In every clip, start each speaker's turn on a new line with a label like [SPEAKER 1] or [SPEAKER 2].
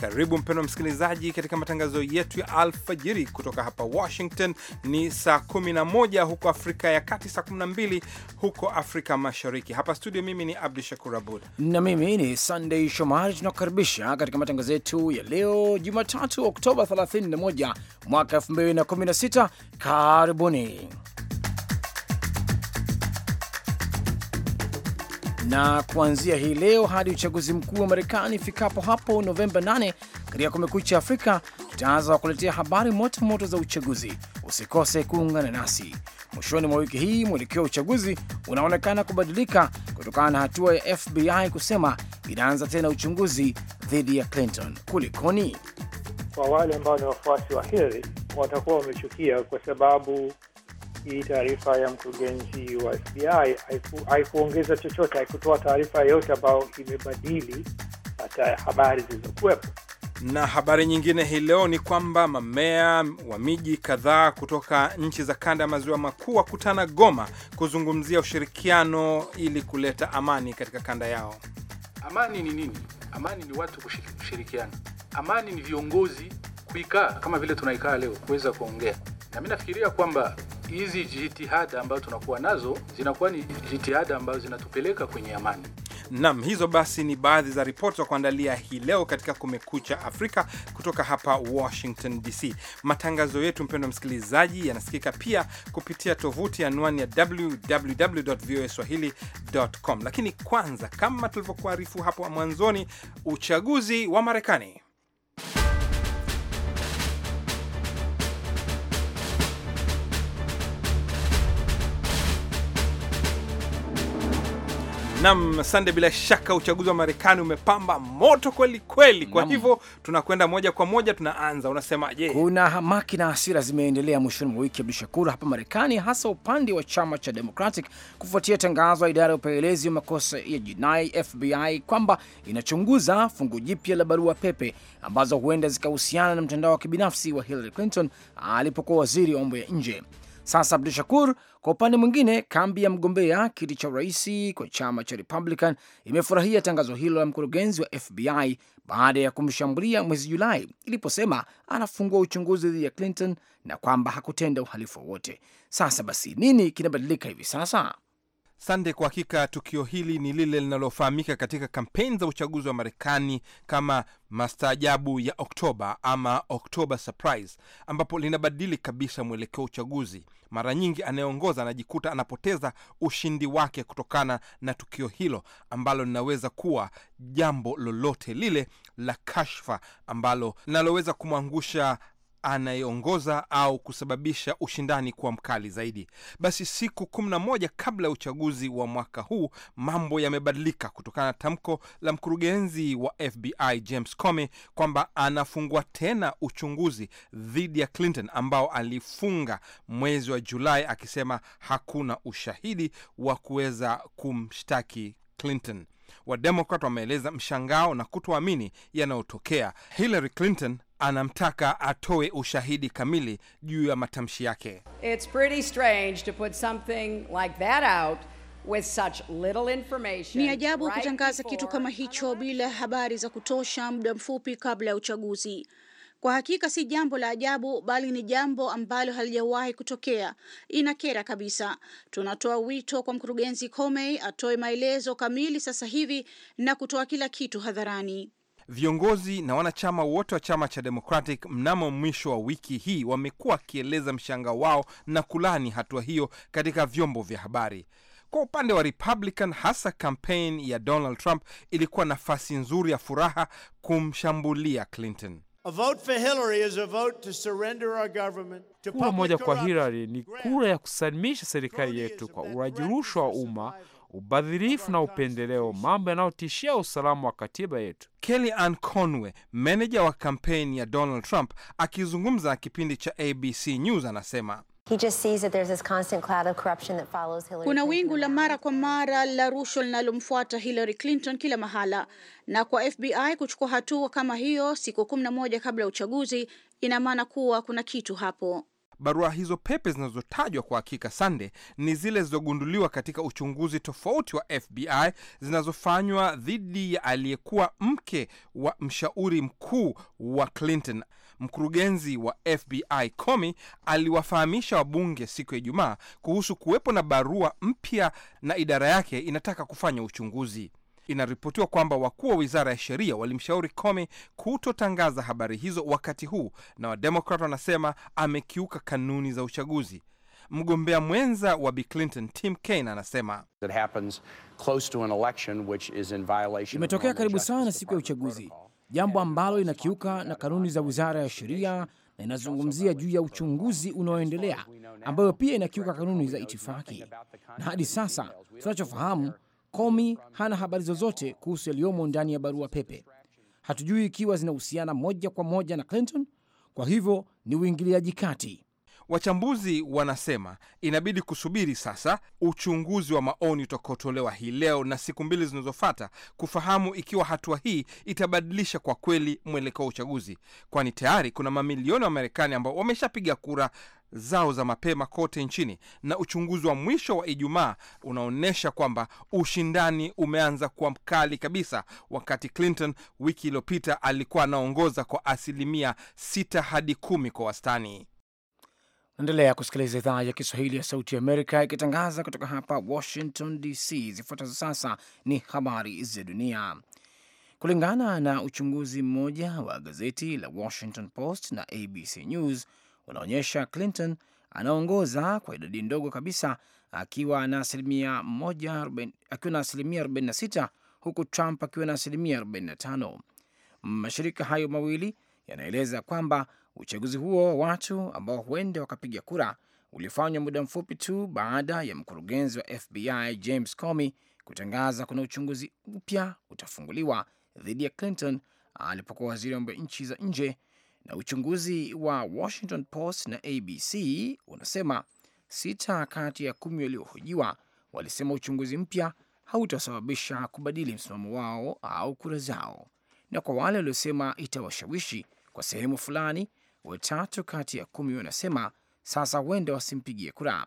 [SPEAKER 1] Karibu mpendwa msikilizaji, katika matangazo yetu ya alfajiri kutoka hapa Washington. Ni saa 11 huko Afrika ya Kati, saa 12 huko Afrika Mashariki. Hapa studio, mimi ni Abdu Shakur Abud na mimi ni Sunday Shomari. Tunakukaribisha katika matangazo
[SPEAKER 2] yetu ya leo Jumatatu, Oktoba 31 mwaka 2016. Karibuni. na kuanzia hii leo hadi uchaguzi mkuu wa Marekani ifikapo hapo Novemba 8. Katika Kumekucha Afrika tutaanza kwa kuletea habari moto moto za uchaguzi. Usikose kuungana nasi mwishoni mwa wiki hii. Mwelekeo wa uchaguzi unaonekana kubadilika kutokana na hatua ya FBI kusema inaanza tena uchunguzi dhidi ya Clinton. Kulikoni?
[SPEAKER 3] Kwa wale ambao ni wafuasi wa Hillary watakuwa wamechukia kwa sababu hii taarifa ya mkurugenzi wa FBI haikuongeza haiku chochote, haikutoa taarifa yoyote ambayo imebadili hata habari zilizokuwepo.
[SPEAKER 1] Na habari nyingine hii leo ni kwamba mamea wa miji kadhaa kutoka nchi za kanda ya maziwa makuu wakutana Goma kuzungumzia ushirikiano ili kuleta amani katika kanda yao.
[SPEAKER 4] Amani ni nini? Amani ni watu kushirikiana. Amani ni viongozi kuikaa kama vile tunaikaa leo, kuweza kuongea na mimi nafikiria kwamba hizi jitihada ambazo tunakuwa nazo zinakuwa ni jitihada ambazo zinatupeleka kwenye amani. Nam, hizo basi ni baadhi za ripoti za kuandalia hii leo katika Kumekucha
[SPEAKER 1] Afrika kutoka hapa Washington DC. Matangazo yetu, mpendwa msikilizaji, yanasikika pia kupitia tovuti anwani ya www voa swahilicom. Lakini kwanza, kama tulivyokuarifu hapo mwanzoni, uchaguzi wa Marekani Nam Sande, bila shaka uchaguzi wa Marekani umepamba moto kweli kweli. Kwa hivyo tunakwenda moja kwa moja, tunaanza. Unasemaje?
[SPEAKER 2] Kuna hamaki na hasira zimeendelea mwishoni mwa wiki, Abdu Shakur, hapa Marekani, hasa upande wa chama cha Democratic kufuatia tangazo la idara ya upelelezi wa makosa ya jinai FBI kwamba inachunguza fungu jipya la barua pepe ambazo huenda zikahusiana na mtandao wa kibinafsi wa Hillary Clinton alipokuwa waziri wa mambo ya nje. Sasa Abdu Shakur, kwa upande mwingine, kambi ya mgombea kiti cha urais kwa chama cha Republican imefurahia tangazo hilo la mkurugenzi wa FBI baada ya kumshambulia mwezi Julai iliposema anafungua uchunguzi dhidi ya Clinton na kwamba hakutenda uhalifu
[SPEAKER 1] wowote. Sasa basi, nini kinabadilika hivi sasa? Sande, kwa hakika tukio hili ni lile linalofahamika katika kampeni za uchaguzi wa Marekani kama mastaajabu ya Oktoba ama Oktoba surprise, ambapo linabadili kabisa mwelekeo wa uchaguzi. Mara nyingi anayeongoza anajikuta anapoteza ushindi wake kutokana na tukio hilo ambalo linaweza kuwa jambo lolote lile la kashfa ambalo linaloweza kumwangusha anayeongoza au kusababisha ushindani kuwa mkali zaidi. Basi siku kumi na moja kabla ya uchaguzi wa mwaka huu mambo yamebadilika kutokana na tamko la mkurugenzi wa FBI James Comey kwamba anafungua tena uchunguzi dhidi ya Clinton ambao alifunga mwezi wa Julai akisema hakuna ushahidi wa kuweza kumshtaki Clinton. Wademokrat wameeleza mshangao na kutoamini yanayotokea. Hillary Clinton anamtaka atoe ushahidi kamili juu ya matamshi yake.
[SPEAKER 5] Ni ajabu kutangaza kitu kama hicho bila habari za kutosha muda mfupi kabla ya uchaguzi. Kwa hakika si jambo la ajabu, bali ni jambo ambalo halijawahi kutokea. Inakera kabisa. Tunatoa wito kwa mkurugenzi Comey atoe maelezo kamili sasa hivi na kutoa kila kitu hadharani.
[SPEAKER 1] Viongozi na wanachama wote wa chama cha Democratic mnamo mwisho wa wiki hii wamekuwa wakieleza mshanga wao na kulani hatua hiyo katika vyombo vya habari. Kwa upande wa Republican, hasa kampeni ya Donald Trump ilikuwa nafasi nzuri ya furaha kumshambulia Clinton. Kura moja kwa Hillary ni kura ya kusalimisha serikali yetu kwa uraji rushwa wa umma, ubadhirifu na upendeleo, mambo yanayotishia usalama wa katiba yetu. ann Conway, meneja wa kampeni ya Donald Trump, akizungumza na kipindi cha ABC News, anasema
[SPEAKER 5] kuna wingu la mara kwa mara la rushwa linalomfuata Hillary Clinton kila mahala, na kwa FBI kuchukua hatua kama hiyo siku kumi na moja kabla ya uchaguzi, ina maana kuwa kuna kitu hapo.
[SPEAKER 1] Barua hizo pepe zinazotajwa kwa hakika Sande ni zile zilizogunduliwa katika uchunguzi tofauti wa FBI zinazofanywa dhidi ya aliyekuwa mke wa mshauri mkuu wa Clinton mkurugenzi wa FBI Comey aliwafahamisha wabunge siku ya Ijumaa kuhusu kuwepo na barua mpya na idara yake inataka kufanya uchunguzi. Inaripotiwa kwamba wakuu wa wizara ya sheria walimshauri Comey kutotangaza habari hizo wakati huu, na Wademokrat wanasema amekiuka kanuni za uchaguzi. Mgombea mwenza wa Bi Clinton Tim Kaine anasema imetokea
[SPEAKER 2] karibu sana siku ya uchaguzi protocol jambo ambalo linakiuka na kanuni za Wizara ya Sheria na inazungumzia juu ya uchunguzi unaoendelea ambayo pia inakiuka kanuni za itifaki. Na hadi sasa tunachofahamu, Komi hana habari zozote kuhusu yaliyomo ndani ya barua pepe. Hatujui ikiwa zinahusiana moja kwa moja na Clinton, kwa hivyo ni uingiliaji kati
[SPEAKER 1] Wachambuzi wanasema inabidi kusubiri sasa uchunguzi wa maoni utakaotolewa hii leo na siku mbili zinazofata kufahamu ikiwa hatua hii itabadilisha kwa kweli mwelekeo wa uchaguzi, kwani tayari kuna mamilioni wa Marekani ambao wameshapiga kura zao za mapema kote nchini, na uchunguzi wa mwisho wa Ijumaa unaonyesha kwamba ushindani umeanza kuwa mkali kabisa, wakati Clinton wiki iliyopita alikuwa anaongoza kwa asilimia sita hadi kumi kwa wastani.
[SPEAKER 2] Naendelea kusikiliza idhaa ya Kiswahili ya Sauti ya Amerika ikitangaza kutoka hapa Washington DC. Zifuatazo sasa ni habari za dunia. Kulingana na uchunguzi mmoja wa gazeti la Washington Post na ABC News, unaonyesha Clinton anaongoza kwa idadi ndogo kabisa akiwa na asilimia 46 huku Trump akiwa na asilimia 45. Mashirika hayo mawili yanaeleza kwamba Uchaguzi huo wa watu ambao huenda wakapiga kura ulifanywa muda mfupi tu baada ya mkurugenzi wa FBI James Comey kutangaza kuna uchunguzi mpya utafunguliwa dhidi ya Clinton alipokuwa waziri wa mambo ya nchi za nje, na uchunguzi wa Washington Post na ABC unasema sita kati ya kumi waliohojiwa walisema uchunguzi mpya hautasababisha kubadili msimamo wao au kura zao, na kwa wale waliosema itawashawishi kwa sehemu fulani watatu kati ya kumi wanasema sasa huenda wasimpigie kura.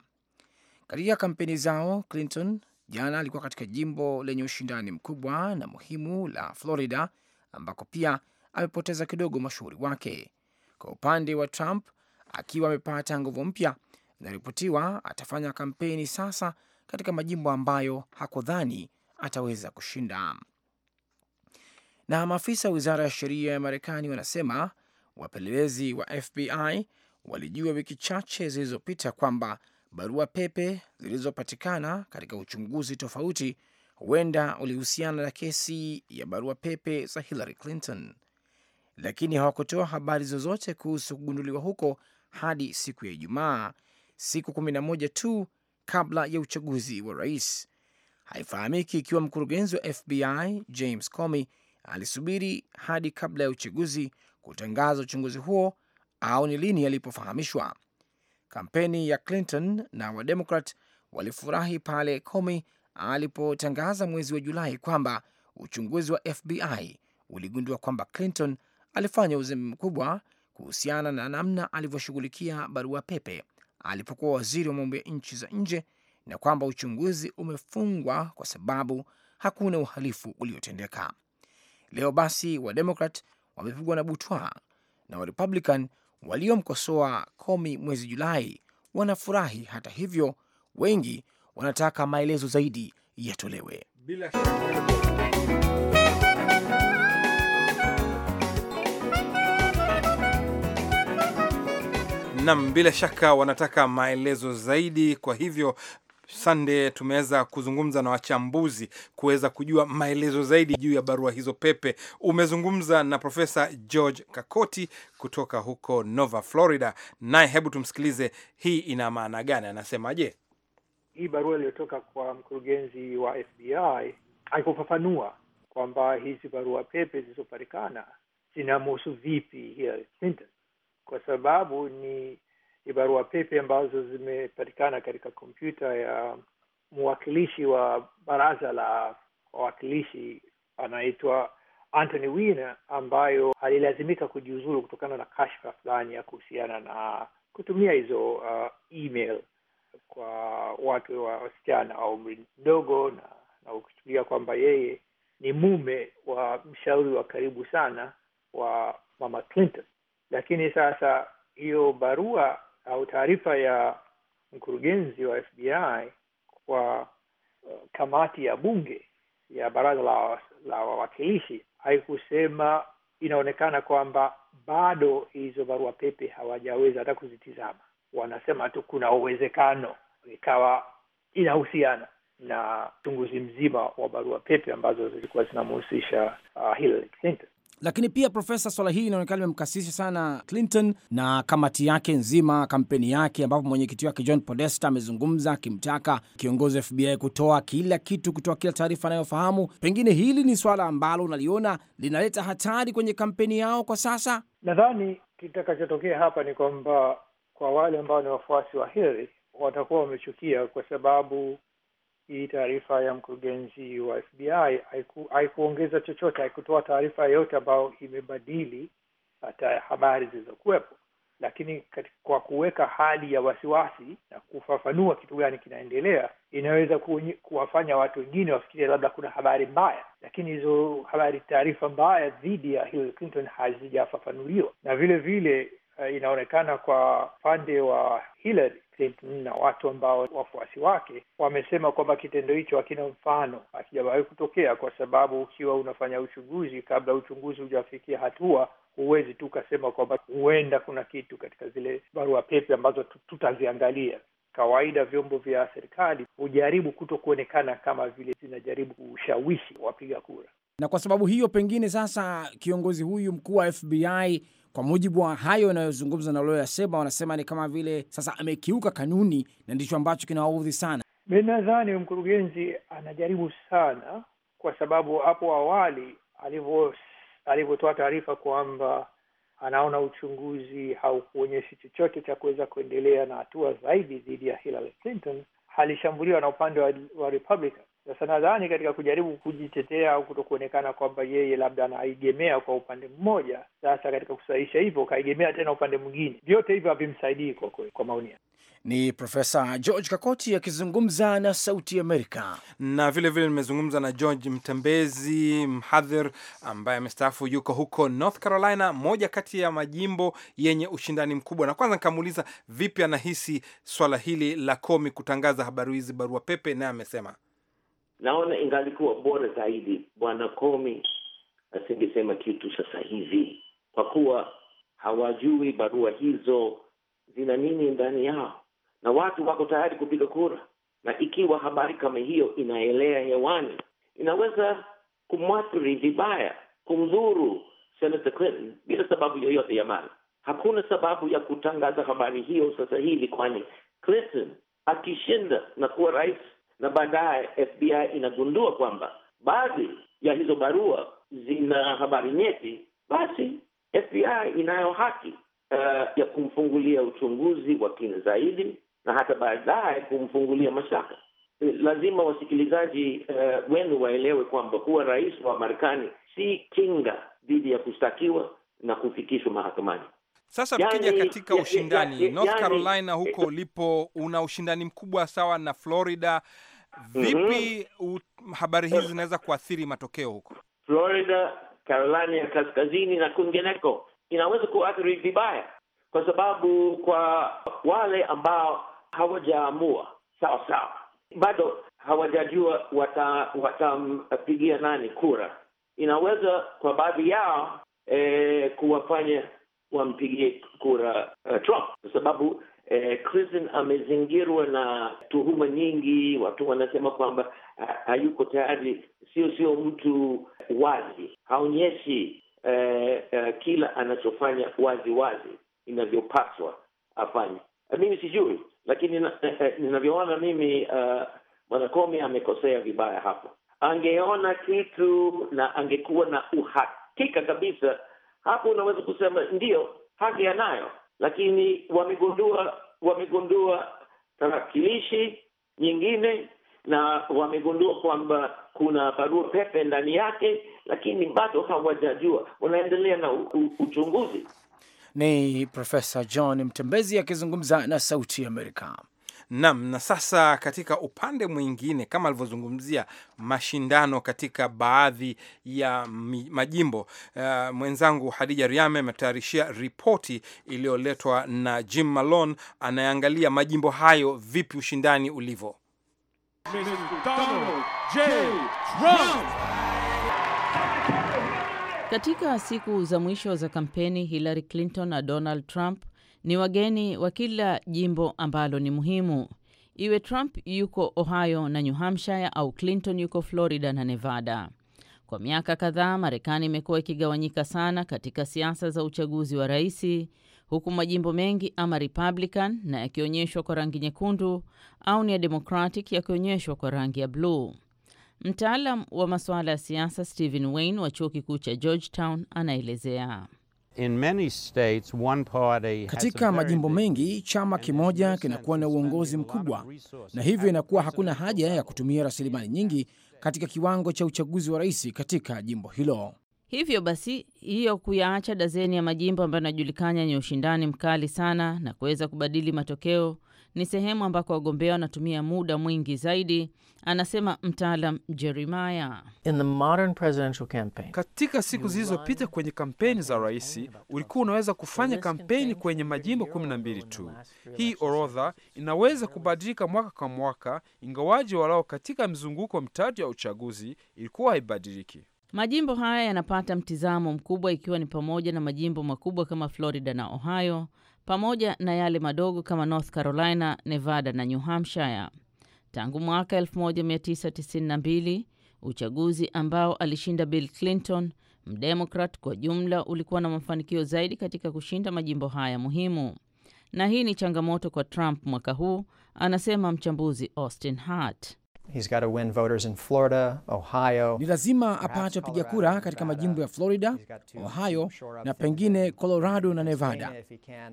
[SPEAKER 2] Katika kampeni zao, Clinton jana alikuwa katika jimbo lenye ushindani mkubwa na muhimu la Florida, ambako pia amepoteza kidogo mashuhuri wake. Kwa upande wa Trump, akiwa amepata nguvu mpya, inaripotiwa atafanya kampeni sasa katika majimbo ambayo hakudhani ataweza kushinda. Na maafisa wa wizara ya sheria ya Marekani wanasema Wapelelezi wa FBI walijua wiki chache zilizopita kwamba barua pepe zilizopatikana katika uchunguzi tofauti huenda ulihusiana na kesi ya barua pepe za Hillary Clinton, lakini hawakutoa habari zozote kuhusu kugunduliwa huko hadi siku ya Ijumaa, siku kumi na moja tu kabla ya uchaguzi wa rais. Haifahamiki ikiwa mkurugenzi wa FBI James Comey alisubiri hadi kabla ya uchaguzi kutangaza uchunguzi huo au ni lini yalipofahamishwa. Kampeni ya Clinton na Wademokrat walifurahi pale Comey alipotangaza mwezi wa Julai kwamba uchunguzi wa FBI uligundua kwamba Clinton alifanya uzembe mkubwa kuhusiana na namna alivyoshughulikia barua pepe alipokuwa waziri wa mambo ya nchi za nje na kwamba uchunguzi umefungwa kwa sababu hakuna uhalifu uliotendeka. Leo basi Wademokrat wamepigwa na butwa na Warepublican waliomkosoa Komi mwezi Julai wanafurahi. Hata hivyo, wengi wanataka maelezo zaidi yatolewe. Bila
[SPEAKER 1] Nam, bila shaka wanataka maelezo zaidi. Kwa hivyo Sande, tumeweza kuzungumza na wachambuzi kuweza kujua maelezo zaidi juu ya barua hizo pepe. Umezungumza na Profesa George Kakoti kutoka huko Nova Florida, naye hebu tumsikilize, hii ina maana gani? Anasemaje
[SPEAKER 3] hii barua iliyotoka kwa mkurugenzi wa FBI? Haikufafanua kwamba hizi barua pepe zilizopatikana zinamhusu vipi Hillary Clinton, kwa sababu ni ni barua pepe ambazo zimepatikana katika kompyuta ya mwakilishi wa baraza la wawakilishi anaitwa Anthony Weiner, ambayo alilazimika kujiuzulu kutokana na kashfa fulani ya kuhusiana na kutumia hizo uh, email kwa watu wa wasichana wa umri mdogo, na, na ukichukulia kwamba yeye ni mume wa mshauri wa karibu sana wa mama Clinton. Lakini sasa hiyo barua au taarifa ya mkurugenzi wa FBI kwa uh, kamati ya bunge ya baraza la, la wawakilishi haikusema inaonekana kwamba bado hizo barua pepe hawajaweza hata kuzitizama. Wanasema tu kuna uwezekano ikawa inahusiana na uchunguzi mzima wa barua pepe ambazo zilikuwa zinamhusisha uh, Hillary Clinton.
[SPEAKER 2] Lakini pia profesa, swala hili inaonekana limemkasisha sana Clinton na kamati yake nzima, kampeni yake, ambapo mwenyekiti wake John Podesta amezungumza akimtaka kiongozi wa FBI kutoa kila kitu, kutoa kila taarifa anayofahamu. Pengine hili ni swala ambalo unaliona linaleta hatari kwenye kampeni yao kwa sasa.
[SPEAKER 3] Nadhani kitakachotokea hapa ni kwamba kwa wale ambao ni wafuasi wa Hillary watakuwa wamechukia kwa sababu hii taarifa ya mkurugenzi wa FBI haikuongeza haiku chochote, haikutoa taarifa yoyote ambayo imebadili hata habari zilizokuwepo, lakini kwa kuweka hali ya wasiwasi na kufafanua kitu gani kinaendelea, inaweza kuwafanya watu wengine wafikiria labda kuna habari mbaya, lakini hizo habari, taarifa mbaya dhidi ya Hillary Clinton hazijafafanuliwa. Na vile vile uh, inaonekana kwa upande wa Hillary Clinton na watu ambao wafuasi wake wamesema kwamba kitendo hicho hakina mfano, hakijawahi kutokea, kwa sababu ukiwa unafanya uchunguzi, kabla uchunguzi hujafikia hatua, huwezi tu ukasema kwamba huenda kuna kitu katika zile barua pepe ambazo tutaziangalia. Kawaida vyombo vya serikali hujaribu kuto kuonekana kama vile zinajaribu kushawishi wapiga kura,
[SPEAKER 2] na kwa sababu hiyo pengine sasa kiongozi huyu mkuu wa FBI kwa mujibu wa hayo yanayozungumza na walioyasema, wanasema ni kama vile sasa amekiuka kanuni, na ndicho ambacho kinawaudhi sana.
[SPEAKER 3] Mi nadhani mkurugenzi anajaribu sana, kwa sababu hapo awali alivyotoa taarifa kwamba anaona uchunguzi haukuonyeshi chochote cha kuweza kuendelea na hatua zaidi dhidi ya Hillary Clinton, alishambuliwa na upande wa, wa Republican sasa nadhani katika kujaribu kujitetea au kuonekana kwamba yeye labda anaegemea kwa upande mmoja, sasa katika kusahihisha hivyo kaegemea tena upande mwingine, vyote hivyo havimsaidii kwa kweli, kwa maoni yangu.
[SPEAKER 4] Ni
[SPEAKER 2] Profesa George Kakoti akizungumza na Sauti Amerika.
[SPEAKER 1] Na vilevile nimezungumza na George Mtembezi, mhadhir ambaye amestaafu, yuko huko North Carolina, moja kati ya majimbo yenye ushindani mkubwa, na kwanza nikamuuliza vipi anahisi swala hili la Komi kutangaza habari hizi barua pepe, naye amesema
[SPEAKER 6] naona ingalikuwa bora zaidi bwana Komi asingesema kitu sasa hivi, kwa kuwa hawajui barua hizo zina nini ndani yao, na watu wako tayari kupiga kura, na ikiwa habari kama hiyo inaelea hewani, inaweza kumwathiri vibaya, kumdhuru Senator Clinton bila sababu yoyote ya maana. Hakuna sababu ya kutangaza habari hiyo sasa hivi, kwani Clinton akishinda na kuwa rais na baadaye FBI inagundua kwamba baadhi ya hizo barua zina habari nyeti, basi FBI inayo haki uh, ya kumfungulia uchunguzi wa kina zaidi na hata baadaye kumfungulia mashtaka. Lazima wasikilizaji uh, wenu waelewe kwamba kuwa rais wa Marekani si kinga dhidi ya kushtakiwa na kufikishwa mahakamani. Sasa tukija katika ushindani yani, North Carolina
[SPEAKER 1] huko ulipo una ushindani mkubwa sawa na Florida
[SPEAKER 6] Mm-hmm. Vipi
[SPEAKER 1] mm -hmm. habari hizi zinaweza kuathiri matokeo huko
[SPEAKER 6] Florida, Carolina ya kaskazini na kwingineko? Inaweza kuathiri vibaya, kwa sababu kwa wale ambao hawajaamua sawa sawa, bado hawajajua watampigia wata nani kura, inaweza kwa baadhi yao eh, kuwafanya wampigie kura uh, Trump kwa sababu eh, Clinton amezingirwa na tuhuma nyingi. Watu wanasema kwamba eh, hayuko tayari, sio sio mtu wazi, haonyeshi eh, eh, kila anachofanya wazi wazi inavyopaswa afanye. Mimi sijui, lakini eh, eh, ninavyoona eh, mimi uh, Comey amekosea vibaya hapo. Angeona kitu na angekuwa na uhakika kabisa, hapo unaweza kusema ndio haki anayo lakini wamegundua wamegundua tarakilishi nyingine na wamegundua kwamba kuna barua pepe ndani yake, lakini bado hawajajua, wanaendelea na uchunguzi.
[SPEAKER 1] Ni Profesa John Mtembezi akizungumza na Sauti ya Amerika. Nam. Na sasa katika upande mwingine, kama alivyozungumzia mashindano katika baadhi ya majimbo, uh, mwenzangu Hadija Riame ametayarishia ripoti iliyoletwa na Jim Malone anayeangalia majimbo hayo vipi ushindani ulivyo.
[SPEAKER 7] Katika siku za mwisho za kampeni, Hillary Clinton na Donald Trump ni wageni wa kila jimbo ambalo ni muhimu, iwe Trump yuko Ohio na New Hampshire au Clinton yuko Florida na Nevada. Kwa miaka kadhaa, Marekani imekuwa ikigawanyika sana katika siasa za uchaguzi wa raisi, huku majimbo mengi ama Republican na yakionyeshwa kwa rangi nyekundu au ni ya Democratic yakionyeshwa kwa rangi ya bluu. Mtaalam wa masuala ya siasa Stephen Wayne wa chuo kikuu cha Georgetown anaelezea.
[SPEAKER 6] Katika majimbo
[SPEAKER 2] mengi chama kimoja kinakuwa na uongozi mkubwa, na hivyo inakuwa hakuna haja ya kutumia rasilimali nyingi katika kiwango cha uchaguzi wa rais katika jimbo hilo.
[SPEAKER 7] Hivyo basi, hiyo kuyaacha dazeni ya majimbo ambayo yanajulikana yenye ushindani mkali sana na kuweza kubadili matokeo ni sehemu ambako wagombea wanatumia muda mwingi zaidi, anasema mtaalam Jeremiah.
[SPEAKER 1] Katika siku zilizopita kwenye kampeni za rais, ulikuwa unaweza kufanya kampeni kwenye majimbo kumi na mbili tu. Hii orodha inaweza kubadilika mwaka kwa mwaka, ingawaji walao katika mzunguko mitatu ya uchaguzi ilikuwa haibadiliki.
[SPEAKER 7] Majimbo haya yanapata mtizamo mkubwa, ikiwa ni pamoja na majimbo makubwa kama Florida na Ohio pamoja na yale madogo kama North Carolina, Nevada na New Hampshire. Tangu mwaka 1992 uchaguzi ambao alishinda Bill Clinton mdemokrat, kwa jumla ulikuwa na mafanikio zaidi katika kushinda majimbo haya muhimu, na hii ni changamoto kwa Trump mwaka huu, anasema mchambuzi Austin Hart.
[SPEAKER 2] Ni lazima apate wapiga kura katika majimbo ya Florida, Ohio na pengine Colorado na Nevada.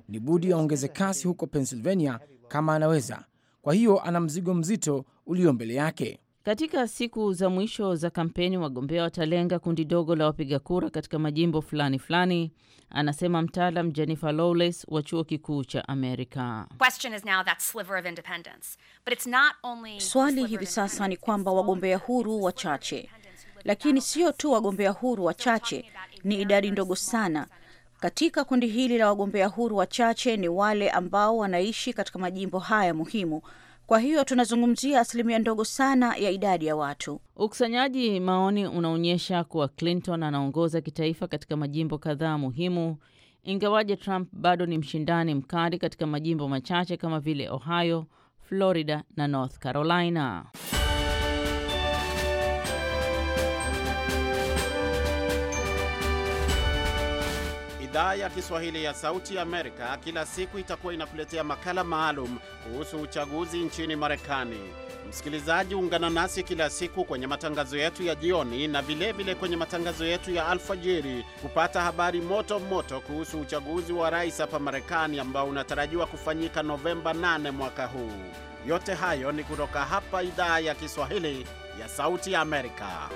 [SPEAKER 2] Ni budi aongeze kasi huko Pennsylvania kama anaweza. Kwa hiyo ana mzigo mzito ulio mbele yake.
[SPEAKER 7] Katika siku za mwisho za kampeni, wagombea watalenga kundi dogo la wapiga kura katika majimbo fulani fulani, anasema mtaalam Jennifer Lawless wa Chuo Kikuu cha Amerika.
[SPEAKER 5] Swali hivi sasa ni kwamba wagombea huru wachache, lakini sio tu wagombea huru wachache, ni idadi ndogo sana katika kundi hili la wagombea huru wachache ni wale ambao wanaishi katika majimbo haya muhimu kwa hiyo tunazungumzia asilimia ndogo sana ya idadi ya watu. Ukusanyaji
[SPEAKER 7] maoni unaonyesha kuwa Clinton anaongoza kitaifa katika majimbo kadhaa muhimu, ingawaje Trump bado ni mshindani mkali katika majimbo machache kama vile Ohio, Florida na North Carolina.
[SPEAKER 1] Idhaa ya Kiswahili ya Sauti Amerika kila siku itakuwa inakuletea makala maalum kuhusu uchaguzi nchini Marekani. Msikilizaji, ungana nasi kila siku kwenye matangazo yetu ya jioni na vilevile vile kwenye matangazo yetu ya alfajiri kupata habari moto moto kuhusu uchaguzi wa rais hapa Marekani ambao unatarajiwa kufanyika Novemba 8 mwaka huu. Yote hayo ni kutoka hapa Idhaa ya Kiswahili ya Sauti Amerika.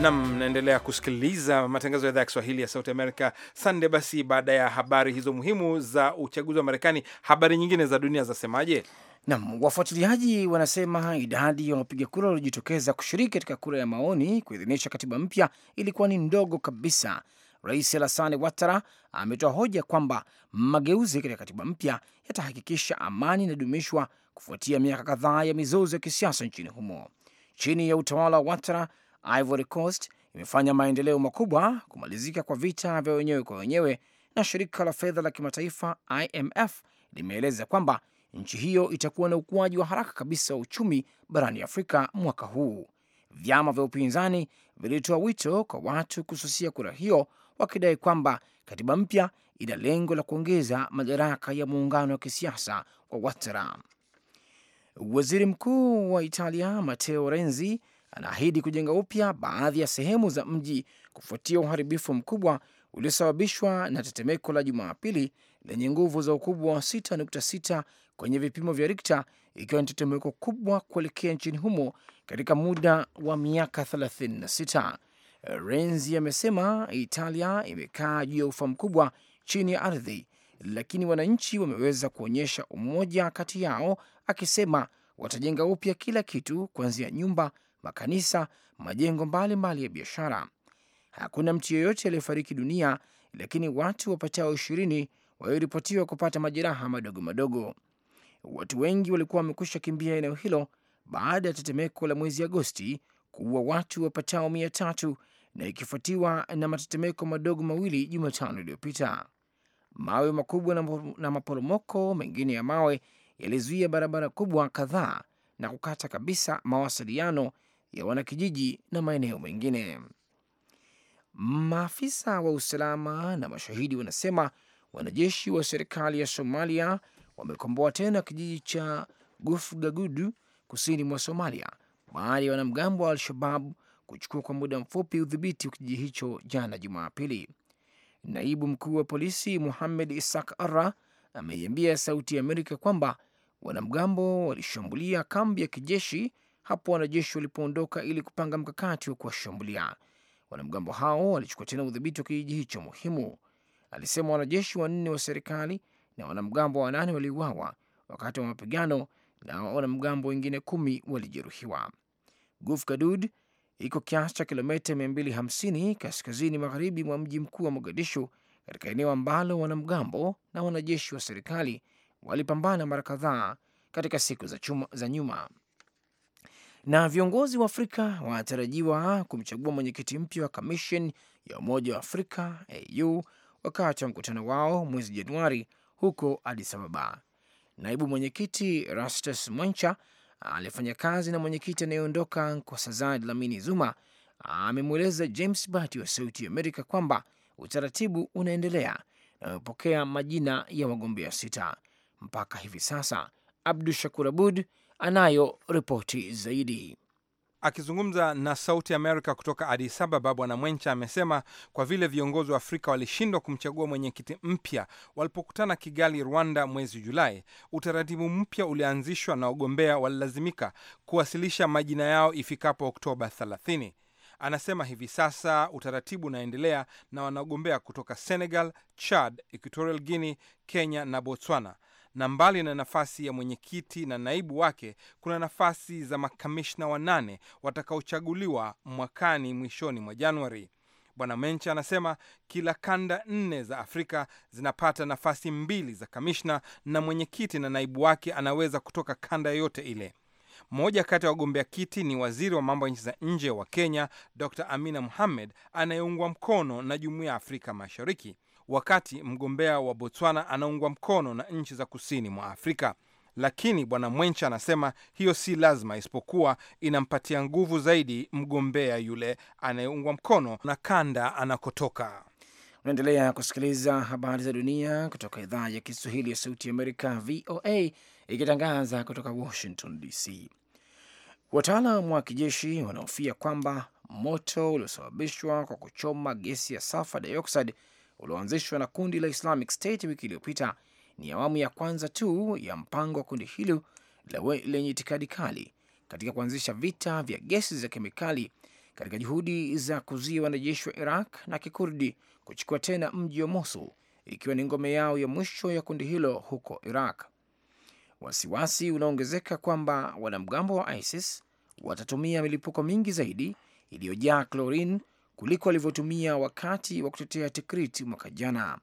[SPEAKER 1] Nam, naendelea kusikiliza matangazo ya idhaa ya Kiswahili ya Sauti Amerika. Sande. Basi, baada ya habari hizo muhimu za uchaguzi wa Marekani, habari nyingine za dunia zasemaje?
[SPEAKER 2] Nam, wafuatiliaji wanasema idadi ya wapiga kura waliojitokeza kushiriki katika kura ya maoni kuidhinisha katiba mpya ilikuwa ni ndogo kabisa. Rais Alassane Ouattara ametoa hoja kwamba mageuzi katika katiba mpya yatahakikisha amani inadumishwa kufuatia miaka kadhaa ya mizozo ya kisiasa nchini humo. Chini ya utawala wa Ouattara, Ivory Coast imefanya maendeleo makubwa kumalizika kwa vita vya wenyewe kwa wenyewe, na shirika la fedha la kimataifa IMF limeeleza kwamba nchi hiyo itakuwa na ukuaji wa haraka kabisa wa uchumi barani Afrika mwaka huu. Vyama vya upinzani vilitoa wito kwa watu kususia kura hiyo, wakidai kwamba katiba mpya ina lengo la kuongeza madaraka ya muungano wa kisiasa wa Watara. Waziri mkuu wa Italia Matteo Renzi anaahidi kujenga upya baadhi ya sehemu za mji kufuatia uharibifu mkubwa uliosababishwa na tetemeko la Jumapili lenye nguvu za ukubwa wa 6.6 kwenye vipimo vya Rikta, ikiwa ni tetemeko kubwa kuelekea nchini humo katika muda wa miaka 36. Renzi amesema Italia imekaa juu ya ufa mkubwa chini ya ardhi, lakini wananchi wameweza kuonyesha umoja kati yao, akisema watajenga upya kila kitu kuanzia nyumba makanisa, majengo mbalimbali ya biashara. Hakuna mtu yeyote aliyefariki dunia, lakini watu wapatao ishirini walioripotiwa kupata majeraha madogo madogo. Watu wengi walikuwa wamekwisha kimbia eneo hilo baada ya tetemeko la mwezi Agosti kuua watu wapatao mia tatu na ikifuatiwa na matetemeko madogo mawili Jumatano iliyopita. Mawe makubwa na maporomoko mengine ya mawe yalizuia barabara kubwa kadhaa na kukata kabisa mawasiliano ya wanakijiji na maeneo mengine. Maafisa wa usalama na mashahidi wanasema wanajeshi wa serikali ya Somalia wamekomboa tena kijiji cha Gufgagudu kusini mwa Somalia baada ya wanamgambo wa Al-Shabab kuchukua kwa muda mfupi udhibiti wa kijiji hicho jana Jumapili. Naibu mkuu wa polisi Muhamed Isak Arra ameiambia Sauti ya Amerika kwamba wanamgambo walishambulia kambi ya kijeshi hapo wanajeshi walipoondoka ili kupanga mkakati wa kuwashambulia. Wanamgambo hao walichukua tena udhibiti wa kijiji hicho muhimu. Alisema wanajeshi wanne wa serikali na wanamgambo wanane waliuawa wakati wa mapigano na wanamgambo wengine kumi walijeruhiwa. Guf Kadud iko kiasi cha kilomita 250 kaskazini magharibi mwa mji mkuu wa Mogadishu, katika eneo ambalo wanamgambo na wanajeshi wa serikali walipambana mara kadhaa katika siku za, chuma, za nyuma. Na viongozi wa Afrika wanatarajiwa kumchagua mwenyekiti mpya wa kamishen ya Umoja wa Afrika AU wakati wa mkutano wao mwezi Januari huko Addis Ababa. Naibu mwenyekiti Rastus Mwencha alifanya kazi na mwenyekiti anayeondoka Nkosazana Dlamini Zuma amemweleza James Bati wa Sauti ya Amerika kwamba utaratibu unaendelea na amepokea majina ya wagombea
[SPEAKER 1] sita mpaka hivi sasa. Abdu Shakur Abud anayo ripoti zaidi. Akizungumza na Sauti Amerika kutoka adisababa Ababa, Bwana Mwencha amesema kwa vile viongozi wa Afrika walishindwa kumchagua mwenyekiti mpya walipokutana Kigali, Rwanda mwezi Julai, utaratibu mpya ulianzishwa na wagombea walilazimika kuwasilisha majina yao ifikapo Oktoba 30. Anasema hivi sasa utaratibu unaendelea na wanagombea kutoka Senegal, Chad, Equatorial Guinea, Kenya na Botswana na mbali na nafasi ya mwenyekiti na naibu wake kuna nafasi za makamishna wanane watakaochaguliwa mwakani mwishoni mwa Januari. Bwana Mencha anasema kila kanda nne za Afrika zinapata nafasi mbili za kamishna na mwenyekiti na naibu wake anaweza kutoka kanda yoyote ile. Mmoja kati ya wagombea kiti ni waziri wa mambo ya nchi za nje wa Kenya, Dr Amina Mohamed, anayeungwa mkono na jumuiya ya Afrika Mashariki wakati mgombea wa Botswana anaungwa mkono na nchi za kusini mwa Afrika. Lakini bwana Mwencha anasema hiyo si lazima, isipokuwa inampatia nguvu zaidi mgombea yule anayeungwa mkono na kanda anakotoka. Unaendelea kusikiliza habari za dunia kutoka idhaa ya Kiswahili
[SPEAKER 2] ya Sauti ya Amerika, VOA, ikitangaza kutoka Washington DC. Wataalam wa kijeshi wanahofia kwamba moto uliosababishwa kwa kuchoma gesi ya sulfur dioxide ulioanzishwa na kundi la Islamic State wiki iliyopita ni awamu ya kwanza tu ya mpango wa kundi hilo lenye itikadi kali katika kuanzisha vita vya gesi za kemikali katika juhudi za kuzuia wanajeshi wa Iraq na kikurdi kuchukua tena mji wa Mosul, ikiwa ni ngome yao ya mwisho ya kundi hilo huko Iraq. Wasiwasi unaongezeka kwamba wanamgambo wa ISIS watatumia milipuko mingi zaidi iliyojaa klorini kuliko alivyotumia wakati wa kutetea Tikrit mwaka jana,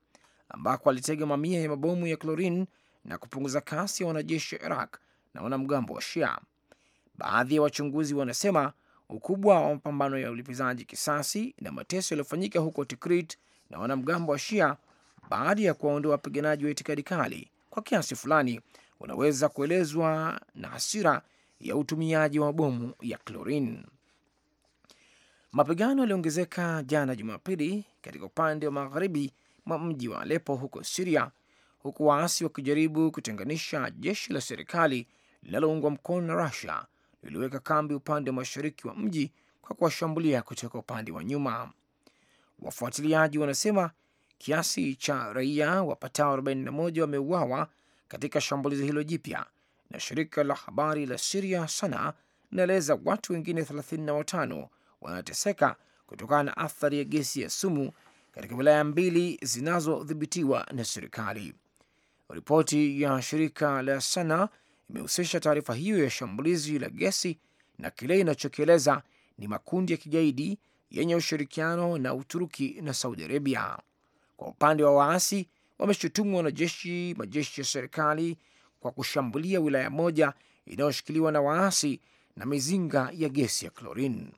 [SPEAKER 2] ambako alitega mamia ya mabomu ya klorin na kupunguza kasi ya wanajeshi wa Iraq na wanamgambo wa Shia. Baadhi ya wachunguzi wanasema ukubwa wa mapambano ya ulipizaji kisasi na mateso yaliyofanyika huko Tikrit na wanamgambo wa Shia baada ya kuwaondoa wapiganaji wa itikadi kali kwa kiasi fulani unaweza kuelezwa na hasira ya utumiaji wa mabomu ya klorin. Mapigano yaliongezeka jana Jumapili katika upande wa magharibi mwa mji wa Alepo huko Siria, huku waasi wakijaribu kutenganisha jeshi la serikali linaloungwa mkono na Rusia liliweka kambi upande wa mashariki wa mji kwa kuwashambulia kutoka upande wa nyuma. Wafuatiliaji wanasema kiasi cha raia wapatao 41 wameuawa katika shambulizi hilo jipya, na shirika la habari la Siria Sana inaeleza watu wengine 35 wanateseka kutokana na athari ya gesi ya sumu katika wilaya mbili zinazodhibitiwa na serikali. Ripoti ya shirika la Sana imehusisha taarifa hiyo ya shambulizi la gesi na kile inachokieleza ni makundi ya kigaidi yenye ushirikiano na Uturuki na Saudi Arabia. Kwa upande wa waasi, wameshutumu wanajeshi majeshi ya serikali kwa kushambulia wilaya moja inayoshikiliwa na waasi na mizinga ya gesi ya klorini.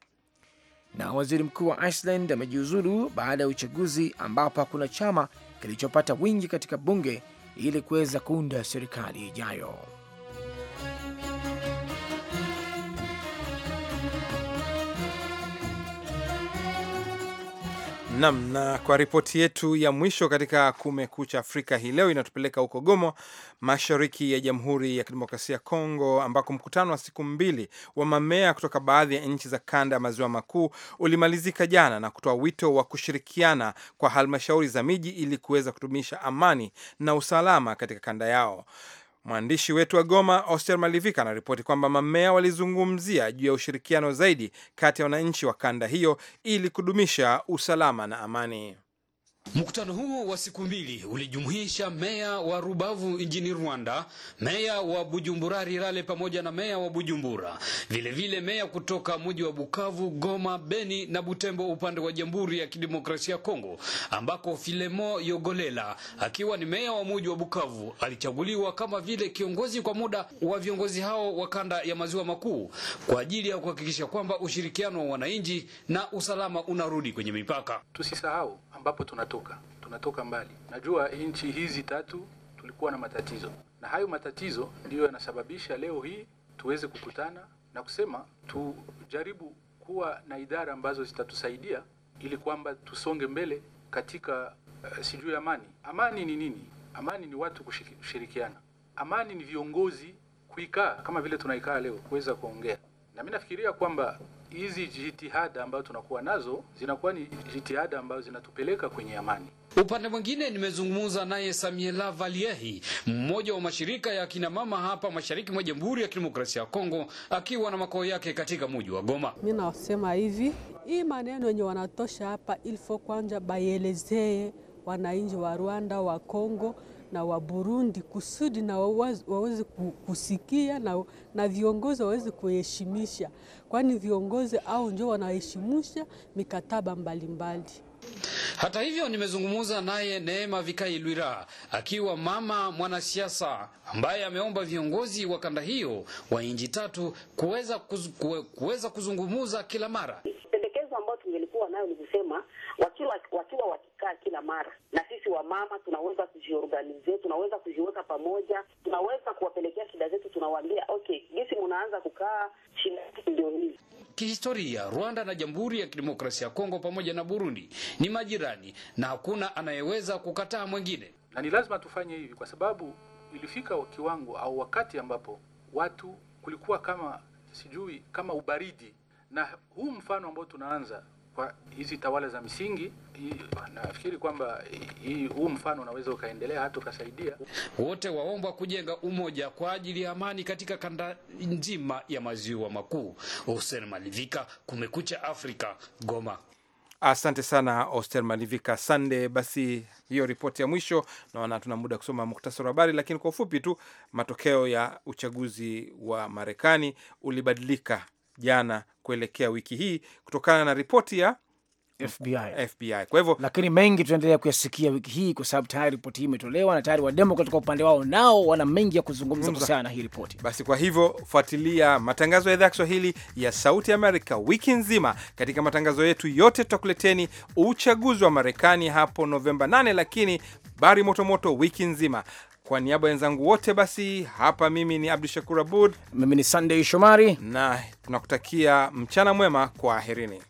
[SPEAKER 2] Na waziri mkuu wa Iceland amejiuzulu baada ya uchaguzi ambapo hakuna chama kilichopata wingi katika bunge ili kuweza kuunda serikali ijayo.
[SPEAKER 1] Nam, na kwa ripoti yetu ya mwisho katika Kumekucha Afrika hii leo inatupeleka huko Goma, mashariki ya Jamhuri ya Kidemokrasia ya Kongo, ambako mkutano wa siku mbili wa mamea kutoka baadhi ya nchi za kanda ya maziwa makuu ulimalizika jana na kutoa wito wa kushirikiana kwa halmashauri za miji ili kuweza kudumisha amani na usalama katika kanda yao. Mwandishi wetu wa Goma, Oster Malivika, anaripoti kwamba mamea walizungumzia juu ya ushirikiano zaidi kati ya wananchi wa kanda hiyo ili kudumisha usalama na amani.
[SPEAKER 8] Mkutano huo wa siku mbili ulijumuisha meya wa Rubavu nchini Rwanda, meya wa Bujumbura Rirale pamoja na meya wa Bujumbura, vilevile vile meya kutoka mji wa Bukavu, Goma, Beni na Butembo upande wa Jamhuri ya Kidemokrasia ya Kongo, ambako Filemo Yogolela akiwa ni meya wa mji wa Bukavu alichaguliwa kama vile kiongozi kwa muda wa viongozi hao wa kanda ya maziwa makuu
[SPEAKER 4] kwa ajili ya kuhakikisha kwamba ushirikiano wa wananchi na usalama unarudi kwenye mipaka. Tusisahau ambapo tunatoka, tunatoka mbali. Najua nchi hizi tatu tulikuwa na matatizo, na hayo matatizo ndiyo yanasababisha leo hii tuweze kukutana na kusema tujaribu kuwa na idara ambazo zitatusaidia ili kwamba tusonge mbele katika uh, sijui amani. Amani ni nini? Amani ni watu kushirikiana. Amani ni viongozi kuikaa kama vile tunaikaa leo, kuweza kuongea, na mimi nafikiria kwamba hizi jitihada ambazo tunakuwa nazo zinakuwa ni jitihada ambazo zinatupeleka kwenye amani.
[SPEAKER 8] Upande mwingine nimezungumza naye Samiela Valiehi, mmoja wa mashirika ya kina mama hapa mashariki mwa Jamhuri ya Kidemokrasia ya Kongo, akiwa na makao yake katika muji wa Goma. Mi nasema hivi, hii maneno yenye wanatosha hapa ilfo kwanja baielezee wananchi wa Rwanda wa Kongo na Waburundi kusudi na waweze kusikia na, na viongozi waweze kuheshimisha, kwani viongozi au ndio wanaheshimisha mikataba mbalimbali mbali. Hata hivyo nimezungumza naye Neema vikai lwira akiwa mama mwanasiasa ambaye ameomba viongozi wa kanda hiyo wa inji tatu kuweza kuweza kuzungumuza kila mara.
[SPEAKER 7] Pendekezo ambayo tungelikuwa nayo ni kusema wakiwa kuendelea kila mara, na sisi wamama tunaweza kujiorganize, tunaweza kujiweka pamoja, tunaweza kuwapelekea shida zetu, tunawaambia okay, gisi munaanza kukaa
[SPEAKER 6] shida ndio hivi.
[SPEAKER 8] Kihistoria, Rwanda na Jamhuri ya Kidemokrasia ya Kongo pamoja na Burundi
[SPEAKER 4] ni majirani na hakuna anayeweza kukataa mwingine, na ni lazima tufanye hivi kwa sababu ilifika kiwango au wakati ambapo watu kulikuwa kama sijui kama ubaridi, na huu mfano ambao tunaanza kwa hizi tawala za msingi nafikiri kwamba huu mfano unaweza ukaendelea hata ukasaidia.
[SPEAKER 8] Wote waombwa kujenga umoja kwa ajili ya amani katika kanda nzima ya maziwa
[SPEAKER 1] makuu. Hussein Malivika, Kumekucha Afrika, Goma. Asante sana Oster Malivika. Sande. Basi hiyo ripoti ya mwisho, naona tuna muda kusoma muktasari wa habari, lakini kwa ufupi tu, matokeo ya uchaguzi wa Marekani ulibadilika jana kuelekea wiki hii kutokana na ripoti ya FBI. FBI. Kwa hivyo lakini
[SPEAKER 2] mengi tunaendelea kuyasikia wiki hii kwa sababu tayari ripoti hii imetolewa na tayari wademokrat kwa upande wao nao wana mengi ya kuzungumza kuhusiana na hii
[SPEAKER 1] ripoti. Basi kwa hivyo fuatilia matangazo ya idhaa ya Kiswahili ya Sauti Amerika wiki nzima. Katika matangazo yetu yote tutakuleteni uchaguzi wa Marekani hapo Novemba 8, lakini bari motomoto wiki nzima. Kwa niaba ya wenzangu wote, basi hapa mimi ni Abdu Shakur Abud, mimi ni Sunday Shomari, na tunakutakia mchana mwema. kwa aherini